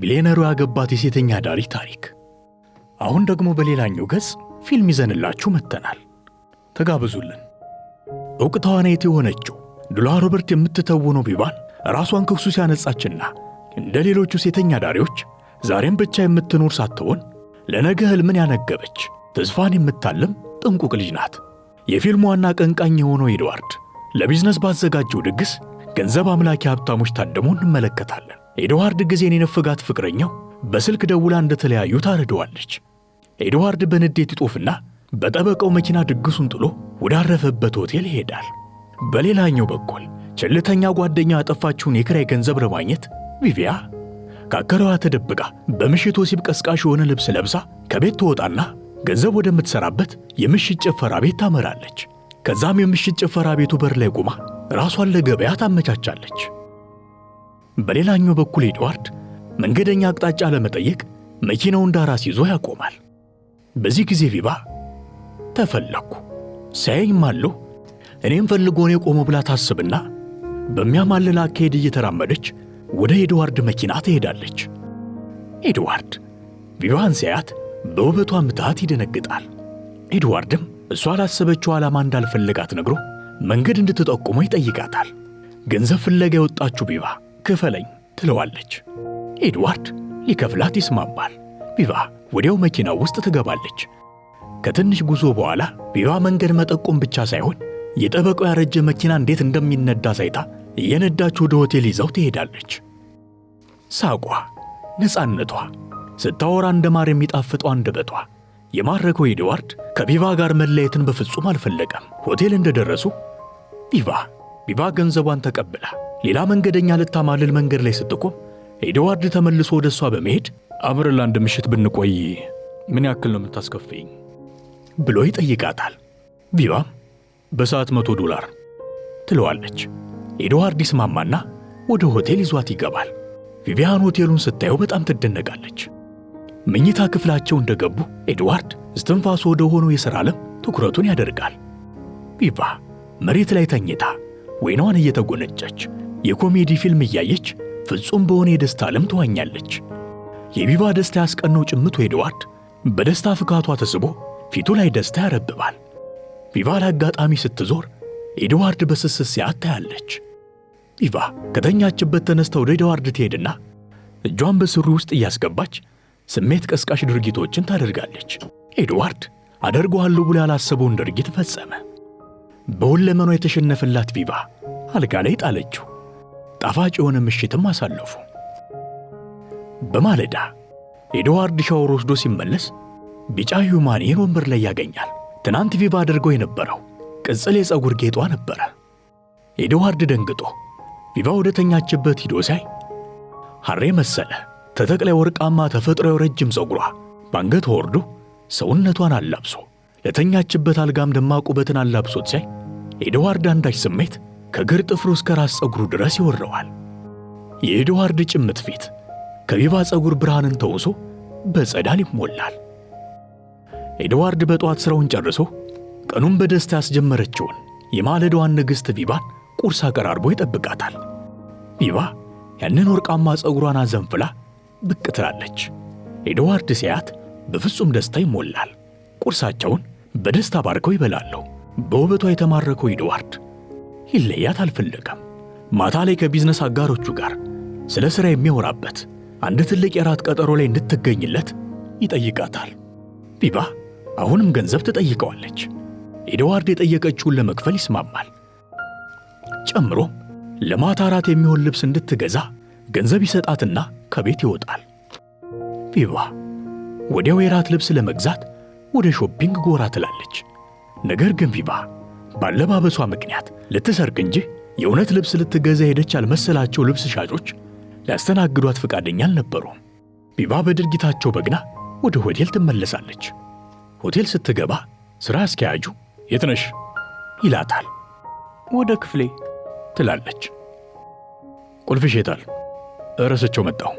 ቢሊዮነሩ ያገባት የሴተኛ አዳሪ ታሪክ። አሁን ደግሞ በሌላኛው ገጽ ፊልም ይዘንላችሁ መጥተናል። ተጋብዙልን እውቅ ተዋናይት የሆነችው ዱላ ሮበርት የምትተውነው ቢባል ራሷን ክሱ ሲያነጻችና እንደ ሌሎቹ ሴተኛ አዳሪዎች ዛሬም ብቻ የምትኖር ሳትሆን ለነገ ህልምን ያነገበች ተስፋን የምታልም ጥንቁቅ ልጅ ናት። የፊልሙ ዋና ቀንቃኝ የሆነው ኤድዋርድ ለቢዝነስ ባዘጋጀው ድግስ ገንዘብ አምላኪ ሀብታሞች ታድሞ እንመለከታለን። ኤድዋርድ ጊዜን የነፈጋት ፍቅረኛው በስልክ ደውላ እንደተለያዩ ታረደዋለች። ኤድዋርድ በንዴት ይጦፍና በጠበቃው መኪና ድግሱን ጥሎ ወዳረፈበት ሆቴል ይሄዳል። በሌላኛው በኩል ችልተኛ ጓደኛ ያጠፋችውን የክራይ ገንዘብ ለማግኘት ቪቪያ ካከረዋ ተደብቃ በምሽት ወሲብ ቀስቃሽ የሆነ ልብስ ለብሳ ከቤት ትወጣና ገንዘብ ወደምትሰራበት የምሽት ጭፈራ ቤት ታመራለች። ከዛም የምሽት ጭፈራ ቤቱ በር ላይ ቆማ ራሷን ለገበያ ታመቻቻለች። በሌላኛው በኩል ኤድዋርድ መንገደኛ አቅጣጫ ለመጠየቅ መኪናውን ዳር አስይዞ ያቆማል። በዚህ ጊዜ ቪባ ተፈለግኩ ሲያየኝ አለሁ እኔም ፈልጎ እኔ የቆመው ብላ ታስብና በሚያማልል አካሄድ እየተራመደች ወደ ኤድዋርድ መኪና ትሄዳለች። ኤድዋርድ ቪቫን ሲያያት በውበቷ ምትሃት ይደነግጣል። ኤድዋርድም እሷ አላሰበችው ዓላማ እንዳልፈለጋት ነግሮ መንገድ እንድትጠቁመው ይጠይቃታል። ገንዘብ ፍለጋ የወጣችሁ ቪባ። ክፈለኝ ትለዋለች። ኤድዋርድ ሊከፍላት ይስማማል። ቪቫ ወዲያው መኪናው ውስጥ ትገባለች። ከትንሽ ጉዞ በኋላ ቪቫ መንገድ መጠቆም ብቻ ሳይሆን የጠበቀው ያረጀ መኪና እንዴት እንደሚነዳ ሳይታ እየነዳች ወደ ሆቴል ይዘው ትሄዳለች። ሳቋ፣ ነፃነቷ፣ ስታወራ እንደ ማር የሚጣፍጠው አንደበቷ የማረከው ኤድዋርድ ከቪቫ ጋር መለየትን በፍጹም አልፈለገም። ሆቴል እንደደረሱ ቪቫ ቪቫ ገንዘቧን ተቀብላ ሌላ መንገደኛ ልታማልል መንገድ ላይ ስትቆም ኤድዋርድ ተመልሶ ወደ እሷ በመሄድ አብረን ለአንድ ምሽት ብንቆይ ምን ያክል ነው የምታስከፍኝ ብሎ ይጠይቃታል። ቪቫም በሰዓት መቶ ዶላር ትለዋለች። ኤድዋርድ ይስማማና ወደ ሆቴል ይዟት ይገባል። ቪቪያን ሆቴሉን ስታየው በጣም ትደነቃለች። መኝታ ክፍላቸው እንደገቡ ኤድዋርድ እስትንፋሱ ወደ ሆነው የሥራ ዓለም ትኩረቱን ያደርጋል። ቪቫ መሬት ላይ ተኝታ ወይኗን እየተጎነጨች የኮሜዲ ፊልም እያየች ፍጹም በሆነ የደስታ ዓለም ትዋኛለች። የቪቫ ደስታ ያስቀነው ጭምቱ ኤድዋርድ በደስታ ፍካቷ ተስቦ ፊቱ ላይ ደስታ ያረብባል። ቪቫ ለአጋጣሚ ስትዞር ኤድዋርድ በስስት ሲያት ታያለች። ቪቫ ከተኛችበት ተነስታ ወደ ኤድዋርድ ትሄድና እጇን በስሩ ውስጥ እያስገባች ስሜት ቀስቃሽ ድርጊቶችን ታደርጋለች። ኤድዋርድ አደርገዋለሁ ብሎ ያላሰበውን ድርጊት ፈጸመ። በሁለመኗ የተሸነፈላት ቪቫ አልጋ ላይ ጣለችው። ጣፋጭ የሆነ ምሽትም አሳለፉ። በማለዳ ኤድዋርድ ሻወር ወስዶ ሲመለስ ቢጫ ሁማኔን ወንበር ላይ ያገኛል። ትናንት ቪቫ አድርገው የነበረው ቅጽል የፀጉር ጌጧ ነበረ። ኤድዋርድ ደንግጦ ቪቫ ወደ ተኛችበት ሂዶ ሳይ ሐሬ መሰለ። ተተቅላይ ወርቃማ ተፈጥሮ ረጅም ፀጉሯ ባንገት ወርዶ ሰውነቷን አላብሶ ለተኛችበት አልጋም ደማቅ ውበትን አላብሶት ሳይ ኤድዋርድ አንዳች ስሜት ከግር ጥፍሩ እስከ ራስ ፀጉሩ ድረስ ይወረዋል። የኤድዋርድ ጭምት ፊት ከቢባ ፀጉር ብርሃንን ተውሶ በጸዳል ይሞላል። ኤድዋርድ በጠዋት ሥራውን ጨርሶ ቀኑን በደስታ ያስጀመረችውን የማለዳዋን ንግሥት ቪቫን ቁርስ አቀራርቦ ይጠብቃታል። ቪቫ ያንን ወርቃማ ፀጉሯን አዘንፍላ ብቅ ትላለች። ኤድዋርድ ሲያት በፍጹም ደስታ ይሞላል። ቁርሳቸውን በደስታ ባርከው ይበላሉ። በውበቷ የተማረከው ኤድዋርድ ይለያት አልፈለገም። ማታ ላይ ከቢዝነስ አጋሮቹ ጋር ስለ ሥራ የሚያወራበት አንድ ትልቅ የራት ቀጠሮ ላይ እንድትገኝለት ይጠይቃታል። ቢባ አሁንም ገንዘብ ትጠይቀዋለች። ኤድዋርድ የጠየቀችውን ለመክፈል ይስማማል። ጨምሮም ለማታ አራት የሚሆን ልብስ እንድትገዛ ገንዘብ ይሰጣትና ከቤት ይወጣል። ቢባ ወዲያው የራት ልብስ ለመግዛት ወደ ሾፒንግ ጎራ ትላለች። ነገር ግን ቢባ ባለባበሷ ምክንያት ልትሰርቅ እንጂ የእውነት ልብስ ልትገዛ ሄደች ያልመሰላቸው ልብስ ሻጮች ሊያስተናግዷት ፈቃደኛ አልነበሩም። ቢባ በድርጊታቸው በግና ወደ ሆቴል ትመለሳለች። ሆቴል ስትገባ ሥራ አስኪያጁ የት ነሽ ይላታል። ወደ ክፍሌ ትላለች። ቁልፍሽ የታል? ረስቸው መጣሁ።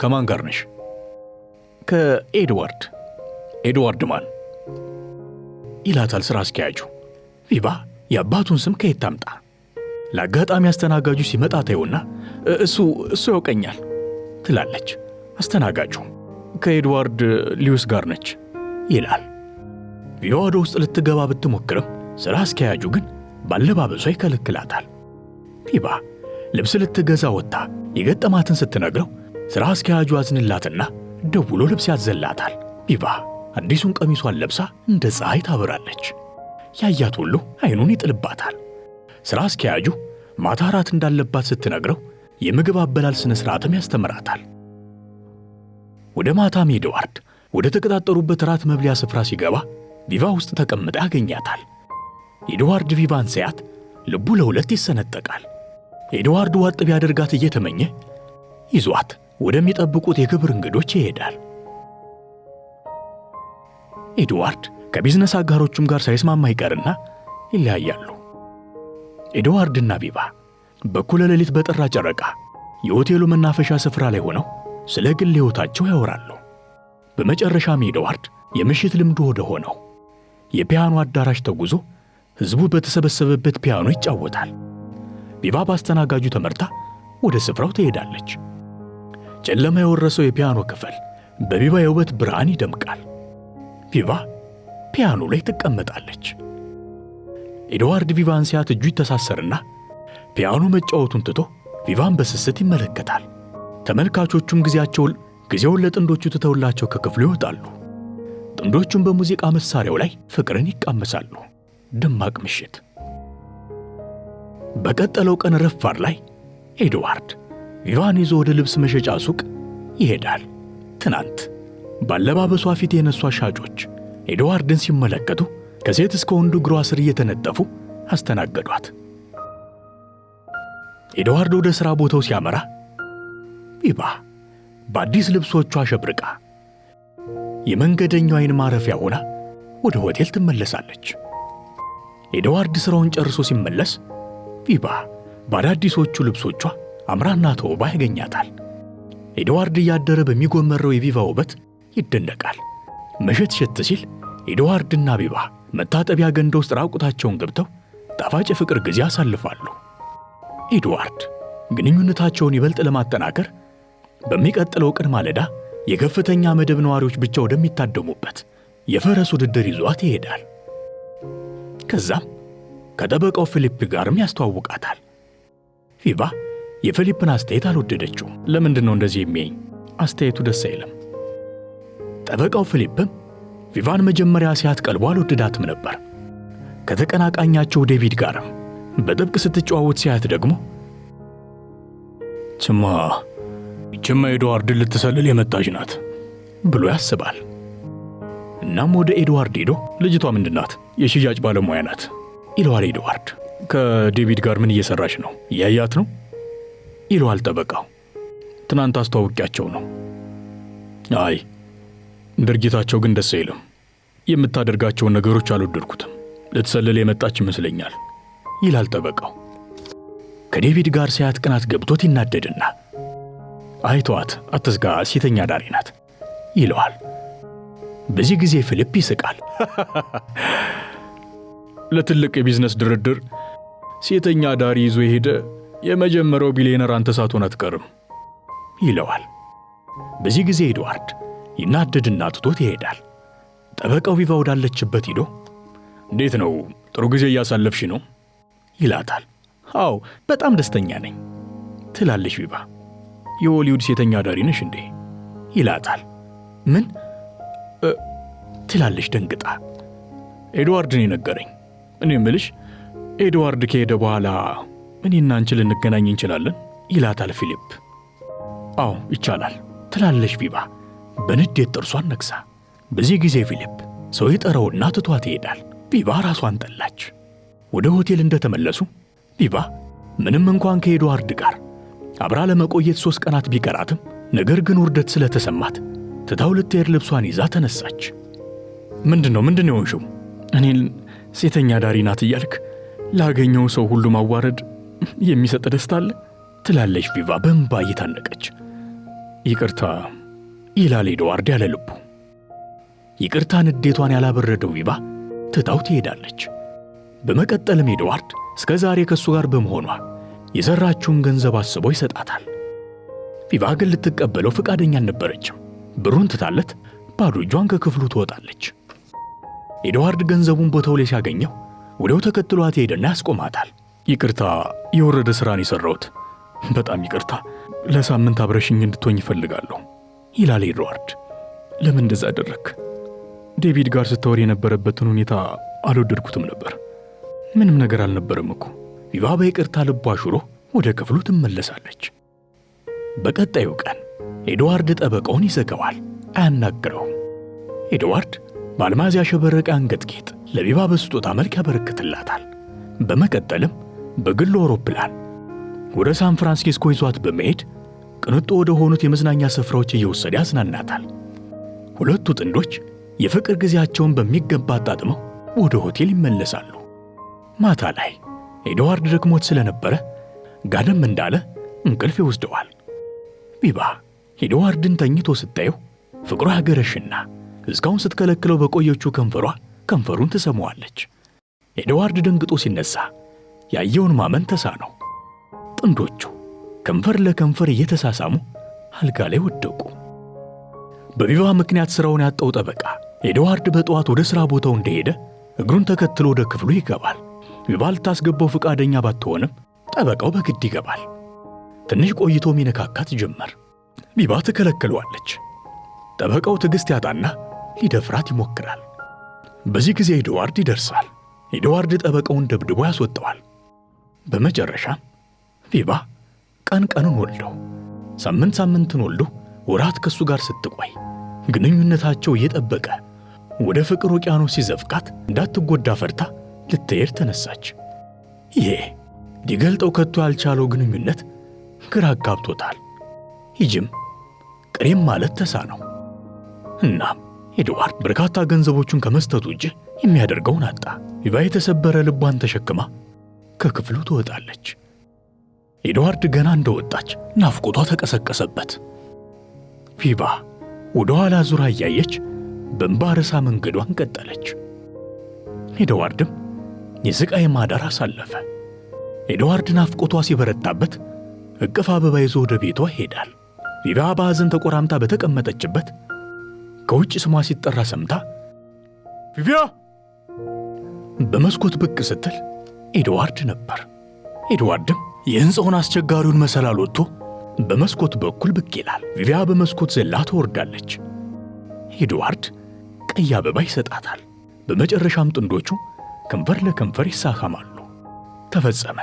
ከማን ጋር ነሽ? ከኤድዋርድ። ኤድዋርድ ማን? ይላታል ሥራ አስኪያጁ። ሪባ የአባቱን ስም ከየት ታምጣ? ለአጋጣሚ አስተናጋጁ ሲመጣ ታየውና እሱ እሱ ያውቀኛል ትላለች። አስተናጋጁ ከኤድዋርድ ሊዩስ ጋር ነች ይላል። ቪዋ ወደ ውስጥ ልትገባ ብትሞክርም ሥራ አስኪያጁ ግን ባለባበሷ ይከለክላታል። ሪባ ልብስ ልትገዛ ወጥታ የገጠማትን ስትነግረው ሥራ አስኪያጁ አዝንላትና ደውሎ ልብስ ያዘላታል። ቢባ አዲሱን ቀሚሷን ለብሳ እንደ ፀሐይ ታበራለች። ያያት ሁሉ አይኑን ይጥልባታል። ሥራ አስኪያጁ ማታ እራት እንዳለባት ስትነግረው የምግብ አበላል ሥነ ሥርዓትም ያስተምራታል። ወደ ማታም ኤድዋርድ ወደ ተቀጣጠሩበት ራት መብሊያ ስፍራ ሲገባ ቪቫ ውስጥ ተቀምጣ ያገኛታል። ኤድዋርድ ቪቫን ሲያት ልቡ ለሁለት ይሰነጠቃል። ኤድዋርድ ዋጥ ቢያደርጋት እየተመኘ ይዟት ወደሚጠብቁት የክብር እንግዶች ይሄዳል። ኤድዋርድ ከቢዝነስ አጋሮቹም ጋር ሳይስማማ ይቀርና ይለያያሉ። ኤድዋርድና ቢባ በኩለ ሌሊት በጠራ ጨረቃ የሆቴሉ መናፈሻ ስፍራ ላይ ሆነው ስለ ግል ሕይወታቸው ያወራሉ። በመጨረሻም ኤድዋርድ የምሽት ልምዱ ወደ ሆነው የፒያኖ አዳራሽ ተጉዞ ሕዝቡ በተሰበሰበበት ፒያኖ ይጫወታል። ቢባ በአስተናጋጁ ተመርታ ወደ ስፍራው ትሄዳለች። ጨለማ የወረሰው የፒያኖ ክፍል በቢባ የውበት ብርሃን ይደምቃል። ቢባ ፒያኖ ላይ ትቀመጣለች። ኤድዋርድ ቪቫን ሲያት እጁ ይተሳሰርና ፒያኖ መጫወቱን ትቶ ቪቫን በስስት ይመለከታል። ተመልካቾቹም ጊዜያቸውን ጊዜውን ለጥንዶቹ ትተውላቸው ከክፍሉ ይወጣሉ። ጥንዶቹም በሙዚቃ መሳሪያው ላይ ፍቅርን ይቃመሳሉ። ደማቅ ምሽት። በቀጠለው ቀን ረፋድ ላይ ኤድዋርድ ቪቫን ይዞ ወደ ልብስ መሸጫ ሱቅ ይሄዳል። ትናንት ባለባበሷ ፊት የነሷ ሻጮች ኤድዋርድን ሲመለከቱ ከሴት እስከ ወንዱ እግሯ ስር እየተነጠፉ አስተናገዷት። ኤድዋርድ ወደ ሥራ ቦታው ሲያመራ ቢባ በአዲስ ልብሶቿ አሸብርቃ የመንገደኛው ዓይን ማረፊያ ሆና ወደ ሆቴል ትመለሳለች። ኤድዋርድ ሥራውን ጨርሶ ሲመለስ ቢባ በአዳዲሶቹ ልብሶቿ አምራና ተውባ ያገኛታል። ኤድዋርድ እያደረ በሚጎመረው የቪቫ ውበት ይደነቃል። መሸት ሸት ሲል ኤድዋርድና ቤባ መታጠቢያ ገንዳ ውስጥ ራቁታቸውን ገብተው ጣፋጭ የፍቅር ጊዜ ያሳልፋሉ። ኤድዋርድ ግንኙነታቸውን ይበልጥ ለማጠናከር በሚቀጥለው ቀን ማለዳ የከፍተኛ መደብ ነዋሪዎች ብቻ ወደሚታደሙበት የፈረስ ውድድር ይዟት ይሄዳል። ከዛም ከጠበቃው ፊሊፕ ጋርም ያስተዋውቃታል። ፊባ የፊሊፕን አስተያየት አልወደደችውም። ለምንድን ነው እንደዚህ የሚያኝ? አስተያየቱ ደስ አይለም። ጠበቃው ፊሊፕም ቪቫን መጀመሪያ ሲያት ቀልቦ አልወደዳትም ነበር። ከተቀናቃኛቸው ዴቪድ ጋር በጥብቅ ስትጨዋወት ሲያት ደግሞ ችማ ችማ ኤድዋርድን ልትሰልል የመጣች ናት ብሎ ያስባል። እናም ወደ ኤድዋርድ ሄዶ ልጅቷ ምንድናት? የሽያጭ ባለሙያ ናት ይለዋል። ኤድዋርድ ከዴቪድ ጋር ምን እየሰራች ነው? እያያት ነው ይለዋል ጠበቃው። ትናንት አስተዋውቂያቸው ነው። አይ ድርጊታቸው ግን ደስ አይልም። የምታደርጋቸውን ነገሮች አልወደድኩትም። ልትሰልል የመጣች ይመስለኛል ይላል ጠበቃው። ከዴቪድ ጋር ሲያት ቅናት ገብቶት ይናደድና አይተዋት አትስጋ ሴተኛ ዳሪ ናት ይለዋል። በዚህ ጊዜ ፊሊፕ ይስቃል። ለትልቅ የቢዝነስ ድርድር ሴተኛ ዳሪ ይዞ የሄደ የመጀመሪያው ቢሊዮነር አንተ ሳትሆን አትቀርም ይለዋል። በዚህ ጊዜ ኤድዋርድ ይናደድና ትቶት ይሄዳል። ጠበቃው ቪቫ ወዳለችበት ሂዶ እንዴት ነው ጥሩ ጊዜ እያሳለፍሽ ነው ይላታል። አዎ በጣም ደስተኛ ነኝ ትላለች ቪቫ። የሆሊውድ ሴተኛ አዳሪ ነሽ እንዴ ይላታል። ምን ትላለች ደንግጣ። ኤድዋርድ ነው የነገረኝ። እኔ ምልሽ ኤድዋርድ ከሄደ በኋላ እኔና አንቺ ልንገናኝ እንችላለን ይላታል ፊሊፕ። አዎ ይቻላል ትላለች ቪቫ። በንዴት ጥርሷን ነክሳ። በዚህ ጊዜ ፊሊፕ ሰው የጠራውና ትቷት ይሄዳል። ቢባ ራሷን ጠላች። ወደ ሆቴል እንደተመለሱ ቢባ ምንም እንኳን ከኤድዋርድ ጋር አብራ ለመቆየት ሦስት ቀናት ቢቀራትም ነገር ግን ውርደት ስለተሰማት ትታው ልትሄድ ልብሷን ይዛ ተነሳች። ምንድን ነው ምንድን ነው የሆንሽው? እኔን ሴተኛ ዳሪ ናት እያልክ ላገኘው ሰው ሁሉ ማዋረድ የሚሰጥ ደስታ አለ ትላለች ቪቫ በእንባ እየታነቀች ይቅርታ ይላል ኤድዋርድ ያለ ልቡ። ይቅርታ ንዴቷን ያላበረደው ቪቫ ትታው ትሄዳለች። በመቀጠልም ኤድዋርድ እስከ ዛሬ ከእሱ ጋር በመሆኗ የሰራችውን ገንዘብ አስቦ ይሰጣታል። ቪቫ ግን ልትቀበለው ፈቃደኛ አልነበረችም። ብሩን ትታለት ባዶ እጇን ከክፍሉ ትወጣለች። ኤድዋርድ ገንዘቡን ቦታው ላይ ሲያገኘው ወዲያው ተከትሏት ሄደና ያስቆማታል። ይቅርታ፣ የወረደ ሥራን የሠራሁት፣ በጣም ይቅርታ። ለሳምንት አብረሽኝ እንድትሆኝ ይፈልጋለሁ ይላል ኤድዋርድ። ለምን እንደዛ አደረግክ? ዴቪድ ጋር ስታወር የነበረበትን ሁኔታ አልወደድኩትም ነበር። ምንም ነገር አልነበረም እኮ። ቪቫ በይቅርታ ልቧ ሹሮ ወደ ክፍሉ ትመለሳለች። በቀጣዩ ቀን ኤድዋርድ ጠበቃውን ይዘገዋል፣ አያናግረውም። ኤድዋርድ በአልማዝ ያሸበረቀ አንገት ጌጥ ለቪቫ በስጦታ መልክ ያበረክትላታል። በመቀጠልም በግሉ አውሮፕላን ወደ ሳን ፍራንሲስኮ ይዟት በመሄድ ቅንጡ ወደ ሆኑት የመዝናኛ ስፍራዎች እየወሰደ ያዝናናታል። ሁለቱ ጥንዶች የፍቅር ጊዜያቸውን በሚገባ አጣጥመው ወደ ሆቴል ይመለሳሉ። ማታ ላይ ኤድዋርድ ደክሞት ስለነበረ ጋደም እንዳለ እንቅልፍ ይወስደዋል። ቢባ ኤድዋርድን ተኝቶ ስታየው ፍቅሯ ያገረሽና እስካሁን ስትከለክለው በቆየችው ከንፈሯ ከንፈሩን ትሰማዋለች። ኤድዋርድ ደንግጦ ሲነሳ ያየውን ማመን ተሳነው። ጥንዶቹ ከንፈር ለከንፈር እየተሳሳሙ አልጋ ላይ ወደቁ። በቪቫ ምክንያት ሥራውን ያጣው ጠበቃ ኤድዋርድ በጠዋት ወደ ሥራ ቦታው እንደሄደ እግሩን ተከትሎ ወደ ክፍሉ ይገባል። ቪቫ ልታስገባው ፈቃደኛ ባትሆንም ጠበቃው በግድ ይገባል። ትንሽ ቆይቶ ሚነካካት ጀመር። ቪቫ ትከለክለዋለች። ጠበቃው ትዕግሥት ያጣና ሊደፍራት ይሞክራል። በዚህ ጊዜ ኤድዋርድ ይደርሳል። ኤድዋርድ ጠበቃውን ደብድቦ ያስወጠዋል። በመጨረሻም ቪቫ ቀን ቀኑን ወልዶ ሳምንት ሳምንትን ወልዶ ወራት ከሱ ጋር ስትቆይ ግንኙነታቸው እየጠበቀ ወደ ፍቅር ውቅያኖስ ሲዘፍቃት እንዳትጎዳ ፈርታ ልትሄድ ተነሳች። ይሄ ሊገልጠው ከቶ ያልቻለው ግንኙነት ግራ አጋብቶታል። ይጅም ቅሬም ማለት ተሳ ነው እናም ኤድዋርድ በርካታ ገንዘቦቹን ከመስጠቱ እጅ የሚያደርገውን አጣ። ቪቫ የተሰበረ ልቧን ተሸክማ ከክፍሉ ትወጣለች። ኤድዋርድ ገና እንደወጣች ናፍቆቷ ተቀሰቀሰበት። ፊባ ወደ ኋላ ዙራ እያየች በእንባ ርሳ መንገዷን ቀጠለች። ኤድዋርድም የሥቃይ ማዳር አሳለፈ። ኤድዋርድ ናፍቆቷ ሲበረታበት እቅፍ አበባ ይዞ ወደ ቤቷ ይሄዳል። ቪቫ በሐዘን ተቆራምታ በተቀመጠችበት ከውጭ ስሟ ሲጠራ ሰምታ ቪቪያ በመስኮት ብቅ ስትል ኤድዋርድ ነበር። ኤድዋርድም የሕንፃውን አስቸጋሪውን መሰላል ወጥቶ በመስኮት በኩል ብቅ ይላል። ቪቪያ በመስኮት ዘላ ትወርዳለች። ኤድዋርድ ቀይ አበባ ይሰጣታል። በመጨረሻም ጥንዶቹ ከንፈር ለከንፈር ይሳካማሉ። ተፈጸመ።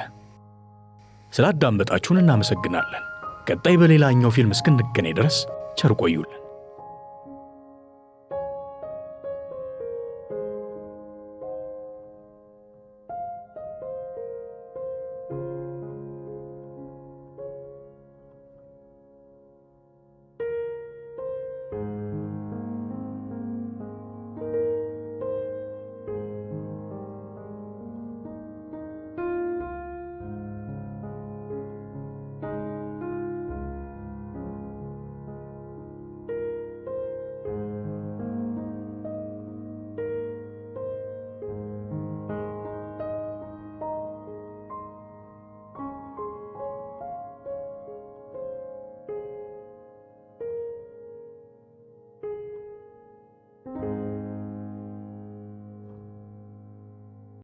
ስላዳመጣችሁን እናመሰግናለን። ቀጣይ በሌላኛው ፊልም እስክንገናኝ ድረስ ቸር ቆዩልን።